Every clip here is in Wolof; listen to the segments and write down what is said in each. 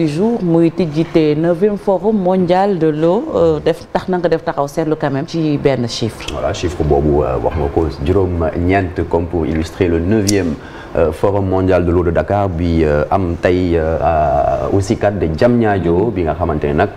du jour muy tijjite neuvième forum mondial de l'eau euh, def tax na nga def taxaw seetlu quand ci benn chiffre. voilà chiffre boobu euh, wax nga ko juróom-ñeent comme pour illustrer le neuvième euh, forum mondial de l'eau de Dakar bi am tey aussi cat de Diamniadio bi nga xamante ne nag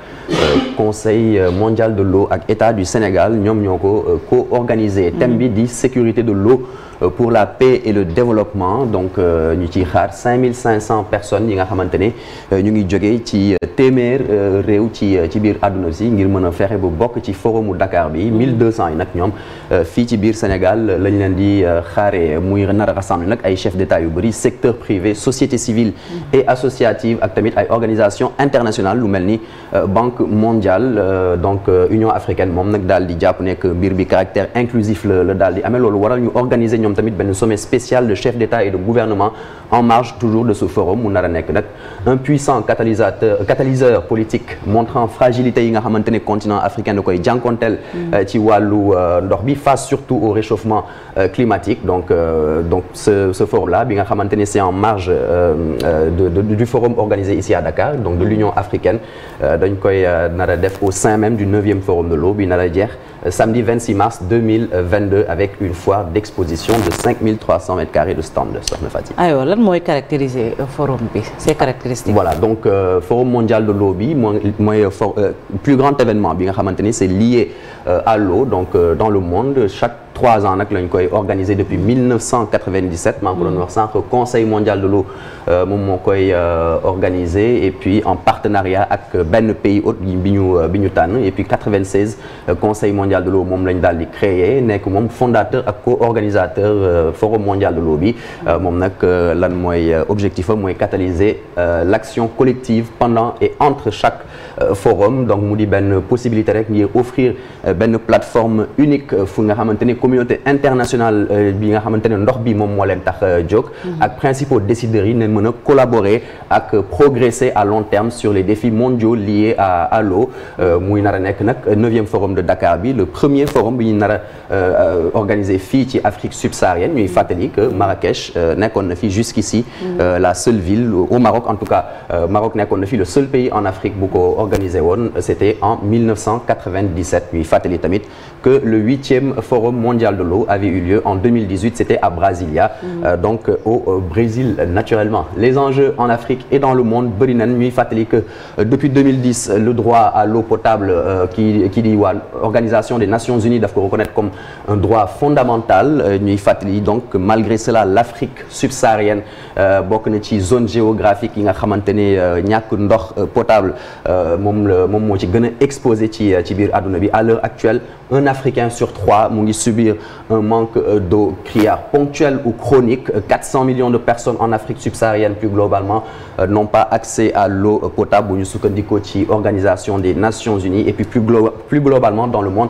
conseil mondial de l'eau ak état du Sénégal ñoom ñoo ko co-organisé. thème bi di sécurité de l'eau Euh, pour la paix et le développement donc euh, ñu ci xaar 5500 personnes yi nga xamante ne euh, ñu ngi jógee ci téeméer réew ci ci biir àdduna si ngir mën a fexe bu bokk ci forumu Dakar bi 1200 yi nag ñoom fii ci biir Sénégal lañ leen di xaaree muy nar a rassemble nag ay chef d'état yu bëri secteur privé société civile et associative ak tamit ay organisation internationale lu mel ni banque mondiale donc union africaine moom nag daal di jàpp nekk mbir bi caractère inclusif la la daal di amee lool ñoom tamit benn sommet spécial de chef d'État et de gouvernement en marge toujours de ce forum mu nar a nekk nag un puissant catalysateur euh, catalyseur politique montrant fragilité yi nga xamante ne continent africain koy jànkonteel mm. euh, ci wàllu euh, ndox bi face surtout au réchauffement climatique donc donc ce ce forum bi nga xamante ne c'est en marge de, de du forum organisé ici à Dakar donc de l'Union africaine dañ koy nar a def au sein même a jeex samedi 26 mars 2022 avec une foire d'exposition de 5300 mètres carrés de stand soxna Fatick lan mooy caractériser forum bi ces caractéristiques. voilà donc euh, forum mondial de l'eau bi mooy mooy euh, plus grand événement bi nga xamante ni c'est lié euh, à l'eau donc euh, dans le monde chaque trois ans nag lañ ko doon wax sànq conseil mondial de euh, moom moo koy euh, organisé et puis en partenariat ak euh, benn pays hôte bi ñu bi ñu tànn et puis 96 conseil mondial de l'eau moom lañ daal di créé nekk moom fondateur ak organisateur forum mondial bi moom nag lan mooy objectif am mooy catalyser l'action collective pendant et chaque forum donc mu di benn possibilité communauté internationale euh, bi nga xamante ne ndox bi moom moo leen tax euh, jóg mm-hmm. ak principaux décideurs yi neen mën a collaborer ak euh, progresser à long terme sur les défis mondiaux liés à nar a nekk nag neuvième forum de Dakar bi le premier forum bi ñu nar a fii ci Afrique subsaharienne ñuy fàttali que nekkoon na fi jusqu'ici mm-hmm. la seule ville au Maroc en tout cas Maroc fi le seul pays en Afrique woon c'était en 1997 ñuy fàttali tamit que le huitième forum mondial de l'eau avait eu lieu en 2018 c'était à Brasilia mhm. euh, donc euh, au euh, Brésil naturellement les enjeux en Afrique et dans le monde bëri nañ ñuy fàttali que depuis 2010 le droit à l'eau potable ki ki di waa organisation des Nations Unies daf ko reconnaître comme un droit fondamental ñuy fàttali donc malgré cela l'Afrique subsaharienne bokk na ci zone géographique yi nga xamante ne ñàkk ndox potable moom moom moo ci gën a exposé ci ci biir àdduna bi à l'heure actuelle un Africain sur trois mu ngi subir un manque euh, d'eau criard ponctuel ou chronique 400 millions de personnes en Afrique subsaharienne plus globalement euh, n'ont pas accès à l'eau potable bu ñu sukkandikoo ci Organisation des Nations Unies et puis plus, glo plus globalement dans le monde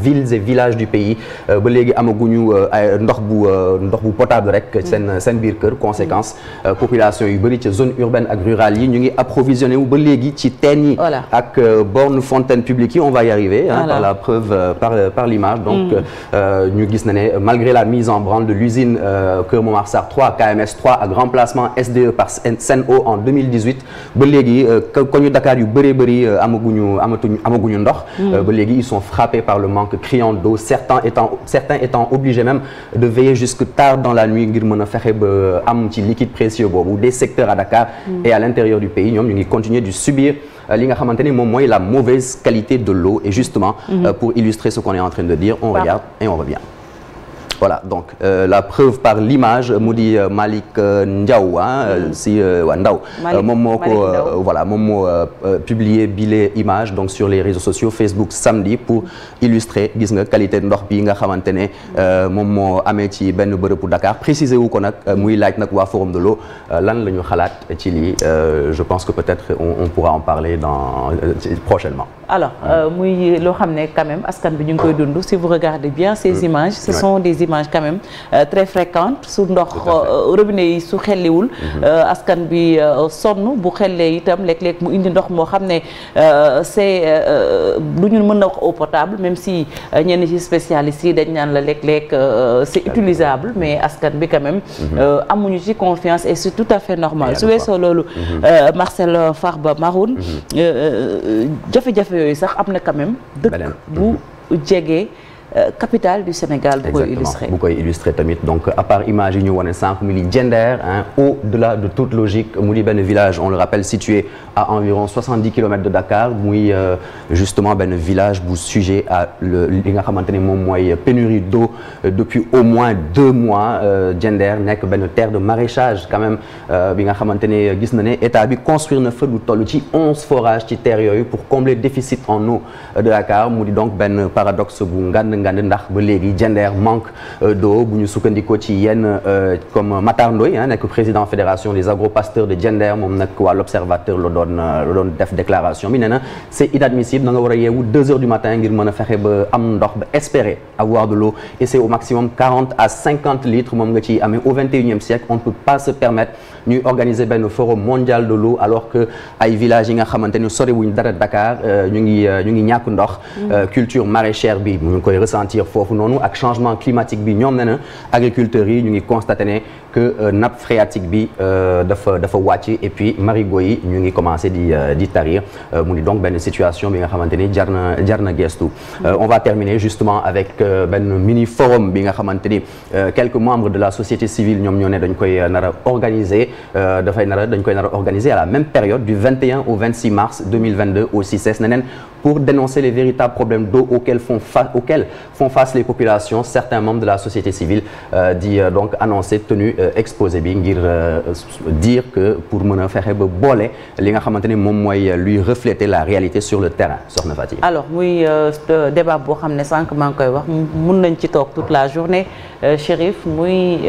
villes et villages du pays euh, ba léegi amaguñu euh, ndox bu euh, ndox bu potable rek seen mm. seen biir kër conséquence mm. population yu bëri ci zone urbaine ak rurale yi ñu ngi approvisionné wu ba léegi ci teen yi ak borne fontaine on va y arriver hein, par la preuve par par l'image donc mm. ñu gis na ne malgré la mise en branle de l'usine Kër Momar Sarr 3 KMS 3 ak remplacement SDE par Sen'Eau en 2018 ba léegi koñu Dakar yu bëree bëri amaguñu amatuñu amaguñu ndox manque criant d'eau certains étant obligés même de veiller jusque tard dans la nuit ngir mën a fexe ba am ci liquide précieux boobu des secteurs à Dakar mm. et à l'intérieur du pays ñoom ñu ngi continuer de subir euh, li nga xamante ni moom la mauvaise qualité de l'eau et justement mm-hmm. euh, pour illustrer ce qu'on est en train de dire on regarde et on revient voilà donc euh, la preuve par l'image mu di euh, Malick euh, Ndiaw ah si waa Ndaw moom moo ko voilà moom moo publier bile image donc sur les réseaux sociaux Facebook samedi pour illustrer gis nga qualité ndox bi nga xamante ne moom moo amee ci benn bërëbu Dakar préciser wu ko nag muy laaj nag waa forum de l'eau lan la ñu xalaat ci lii je pense que peut-être on pourra en parler dans prochainement alors euh, muy loo xam ne quand askan bi ñu ngi koy dund si vous regardez bien ces euh, images ce sont des images quand même euh, très fréquentes su ndox robinet yi su xelliwul mm-hmm. askan bi sonn bu xellee itam léeg-léeg mu indi ndox moo xam ne c'est du ñu mën a wax eau potable même si ñenn ci spécialistes yi dañ naan la léeg-léeg c'est utilisable mais askan bi quand même mm-hmm. amuñu ci confiance et c'est tout à fait normal su weesoo loolu mm-hmm. Marcel Farba Maroun jafe-jafe yooyu sax am na quand même dëkk bu mhm. jege Euh, capitale du Sénégal. bu koy illustré tamit donc à part image ñu wane sànq mu di Diender au-delà de toute logique mu di benn village on le rappelle situé à environ 70 kilomètres de Dakar euh, benn village bu sujet à li nga xamante ne moom mooy pénurie d'eau euh, depuis au moins deux mois Diender nekk benn terre de maraîchage quand même nga xamante ne gis na ne état bi construire na fa toll ci onze forages ci terre yooyu pour combler déficit en mu di donc benn paradoxe ngand ndax ba léegi Diender manque euh, d'eau bu ñu sukkandikoo ci yenn euh, comme Matar Ndoye nekk président fédération des agropasteurs de Diender moom nag waa l'observateur la doon euh, déclaration bi nee c'est inadmissible da nga war a yeewu deux heures du matin ngir mën a fexe ba am ndox ba espérer avoir de l'eau et c'est au maximum 40 à 50 litres moom nga ciy amee au 21 mondial de l'eau alors que ay villages yi nga xamante ni sori wuñ dara Dakar ñu ngi ñu ngi ñàkk ndox culture ngi koy ressentir foofu noonu ak changement climatique bi ñoom euh, bi euh, dafa dafa wàcc et puis yi ñu ngi commencé di euh, di tarir mu ni donc benn situation bi nga xamante ni jar na jar na gestu mm-hmm. on va terminer justement avec benn mini bi nga xamante ni quelques membres de la société civile ñoom ñoo ne dañ koy nar a organiser dafay nar a nar a organiser à la même période du 21 au 26 mars 2022 au font face les populations certains membres de la société civile euh, di euh, donc annoncé tenue euh, exposé bi ngir dire que pour mën a fexe ba boole li nga xamante ne moom mooy luy refléter la réalité sur le terrain soxna Fatick. alors muy débat boo xam ne sànq maa ngi koy wax mun nañ ci toog toute la journée Chérif muy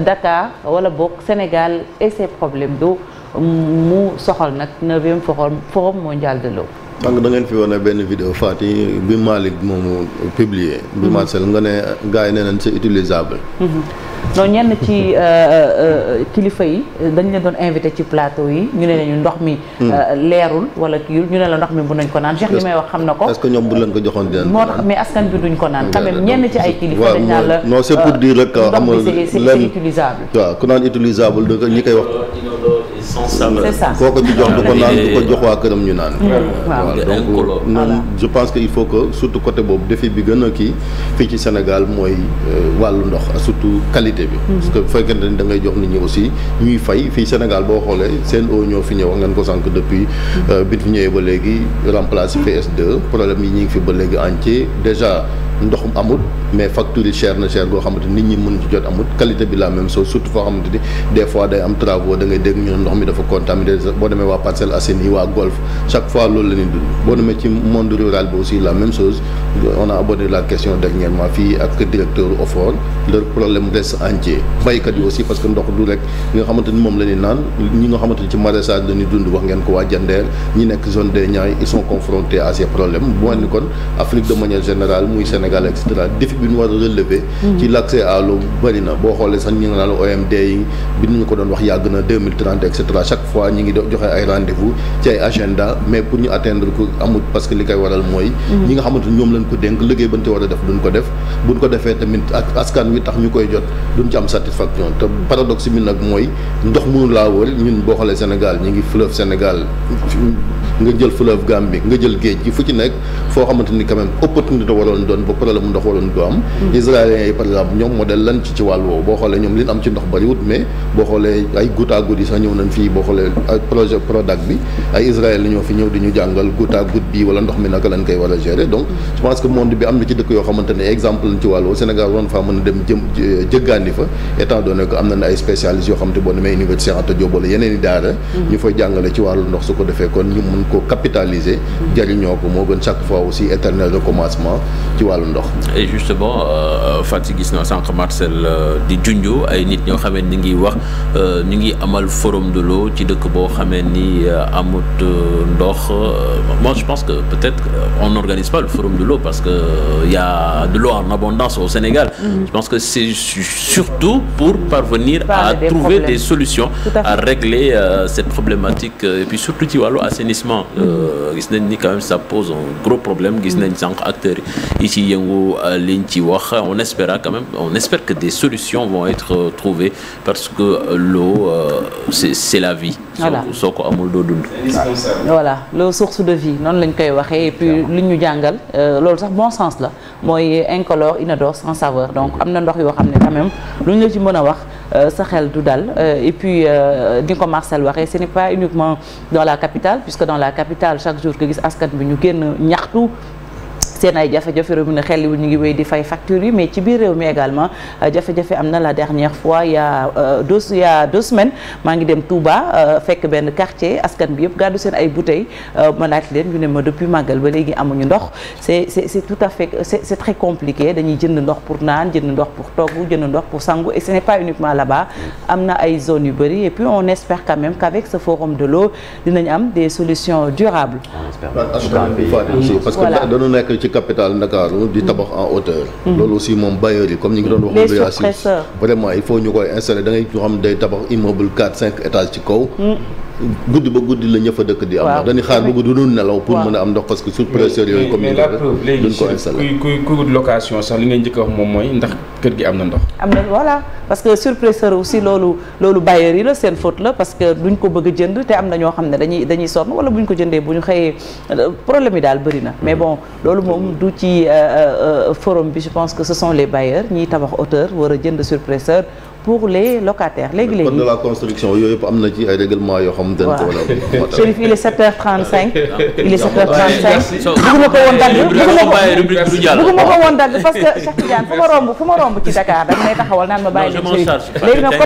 data wala boog Sénégal et ses problèmes d'eau mu soxal nag neuvième forum forum mondial de l'eau sànq da ngeen fi wane benn vidéo Fati bi Malick moomu publier. bi mhm. Marcel nga ne gars yi nee nañ c'est utilisable. Mhm. non ñenn ci euh, euh, euh, kilifa yi dañ leen doon invité ci plateau yi ñu ne ñu ndox mi. Hmm. leerul wala kii ñu ne la ndox mi bu nañ ko naan Cheikh li may wax xam na ko. est-ce que ñoom bu leen ko joxoon dinañ ko naan moo tax mais askan bi duñ ko naan. Hmm. quand même ñenn ci ay kilifa dañ naan la non c'est pour dire rek amul ndox mi c'est utilisable. waaw ku naan utilisable ñi koy c'est ça ko ci jox du ko naan du ko jox waa këram ñu naan. Mm. waaw donc noonu je pense que il faut que surtout côté boobu défi bi gën a kii fii ci Sénégal mooy euh, wàllu ndox surtout qualité bi. Mm-hmm. parce que bu fekkente ni da ngay jox nit ñi aussi ñuy fay fii Sénégal boo xoolee seen eau ñoo fi ñëw ngeen ko sànq depuis mm-hmm. euh, bi ñu fi ñëwee ba léegi remplace PS2 problème yi ñu ngi fi ba léegi entier déjà. ndox amul mais facture yi cher na cher goo xamante nit ñi mën ci jot amul qualité bi la même chose surtout foo xamante ni des fois day am travaux da ngay dégg ñu ne ndox mi dafa contaminé boo demee waa Parcelles la ñuy dund boo demee ci monde ak directeur OFOR leur problème reste entier baykat yi aussi parce que ndox du rek nga xamante ni moom la naan ñi nga xamante ni ci maraîchage la ñuy dund wax ngeen ko waa Jandeer ñi nekk zone des Niayes ils sont confrontés à ces problèmes bu Sénégal et cetera défi bi ñu war a relever. Mm-hmm. ci l' accès à l'eau boo xoolee sax ñu ngi naan OMD yi bi ñu ko doon wax yàgg na deux mille trente et chaque fois ñu ngi joxe ay rendez-vous ci agenda mais pour ñu atteindre ko amul parce que li koy waral mooy. Mm-hmm. ñi nga xamante ni ñoom lañ ko dénk liggéey bañ ci war a def duñ ko def buñ ko defee tamit ak askan wi tax ñu koy jot duñ ci am satisfaction te paradoxe bi nag mooy ndox mënu laa wër ñun boo xoolee Sénégal ñu ngi fleuve Sénégal. nga jël fleuve Gambie nga jël géej gi fu ci nekk foo xamante ni quand même opportunité waroon doon ba problème mu ndox waroon du am mm-hmm. israéliens yi par ci wàll woowu boo xoolee ñoom li ñu am ci ndox bariwut mais boo xoolee ay goutte à goutte yi sax fii boo xoolee projet Prodac bi ay Israël ñoo fi ñëw di ñu jàngal goutte à goutte bi wala ndox mi naka lañ koy war a gérer donc mm-hmm. je pense que monde bi am na ci dëkk yoo xamante ne exemple lañ ci wàll woowu Sénégal waroon faa mën a dem jëm jëggaani fa étant donné que am na ay spécialistes yoo xam te boo demee université Anta Diop wala yeneen i daara mm-hmm. ñu fay jàngale ci wàllu ndox su ko defee kon ñu mun ko capitaliser jëriñoo ko moo gën chaque fois aussi éternel recommencement ci wàllu ndox et justement euh, Fatick gis na sànq Marcel euh, di junjo ay nit ñoo xamee ni ngi wax ñu euh, ngi amal forum de l'eau ci dëkk boo xamee ni am amut ndox moi je pense que peut-être on n'organise pas le forum de l'eau parce que y a de l'eau en abondance au Sénégal mhm. je pense que c'est surtout pour parvenir à trouver des solutions à régler cette problématique et puis surtout ci financement euh, gis nañ ni quand même ça pose un gros problème gis nañ sànq acteurs yi ci yëngu euh, liñ ci wax on espéra quand même on espère que des solutions vont être euh, trouvées parce que l'eau c'est c'est la vie voilà soo ko amul doo dund voilà loo source de vie noonu lañ koy waxee et puis li ñu jàngal loolu sax bon sens la mooy incolore inodore sans saveur donc am na ndox yoo xam ne quand même lu ñu la ci mën a wax Euh, sa xel du dal euh, et puis euh, ni ko Marcel waxee ce n'est pas uniquement dans la capitale puisque dans la capitale chaque jour nga gis askan bi ñu génn ñaxtu seen ay jafe-jafe réew mi ne xel wu ñu ngi wéy di fay factures yi mais ci biir réew mi également euh, jafe-jafe am na la dernière fois il y a euh, deux il y maa ngi dem Touba euh, fekk benn quartier askan bi yëpp gàddu seen ay bouteilles ma laaj leen ñu ne ma depuis màggal ba léegi amuñu ndox c'est tout à fait c'est très compliqué dañuy jënd ndox pour naan jënd ndox pour togg jënd ndox pour sangu et ce n'est pas uniquement là-bas am na ay zones yu bëri et puis on espère quand même qu'avec ce forum de l'eau dinañ am des solutions durables. capitale Ndakaaru di tabax en hauteur hmm. loolu aussi moom bailleurs yi comme ñu ngi doon wax location vraiment il faut ñu koy installer da ñu xam day tabax immeuble quatre cinq étages ci kaw hmm. guddi ba guddi la ñëfa dëkk di am ndox dañuy xaar ba guddi duñu nelaw pour mën a am ndox parce que sous yooyu comme mais la preuve ngay njëkk wax moom mooy ndax kër gi am na ndox am na voilà parce que sur aussi loolu loolu bailleurs yi la seen faute la parce que duñ ko bëgg jënd te am na ñoo xam ne dañuy dañuy sonn wala buñ ko jëndee bu ñu xëyee euh, problème yi daal bëri na mais bon loolu moom du ci euh, euh, forum bi je pense que ce sont les bailleurs ñiy tabax hauteur war a jënd sur presseur pour les locataires léegi léegi. code de la construction yooyu yëpp am na ci ay règlement yoo xamante ne. voilà Chérif il est 7h35. il est 7h35. bëgguma ko woon dagg bëgguma ko woon dagg parce que Cheikh Tidiane fu ma romb fu ma romb ci Dakar danga may taxawal naan ma bàyyi leen Chérif léegi nag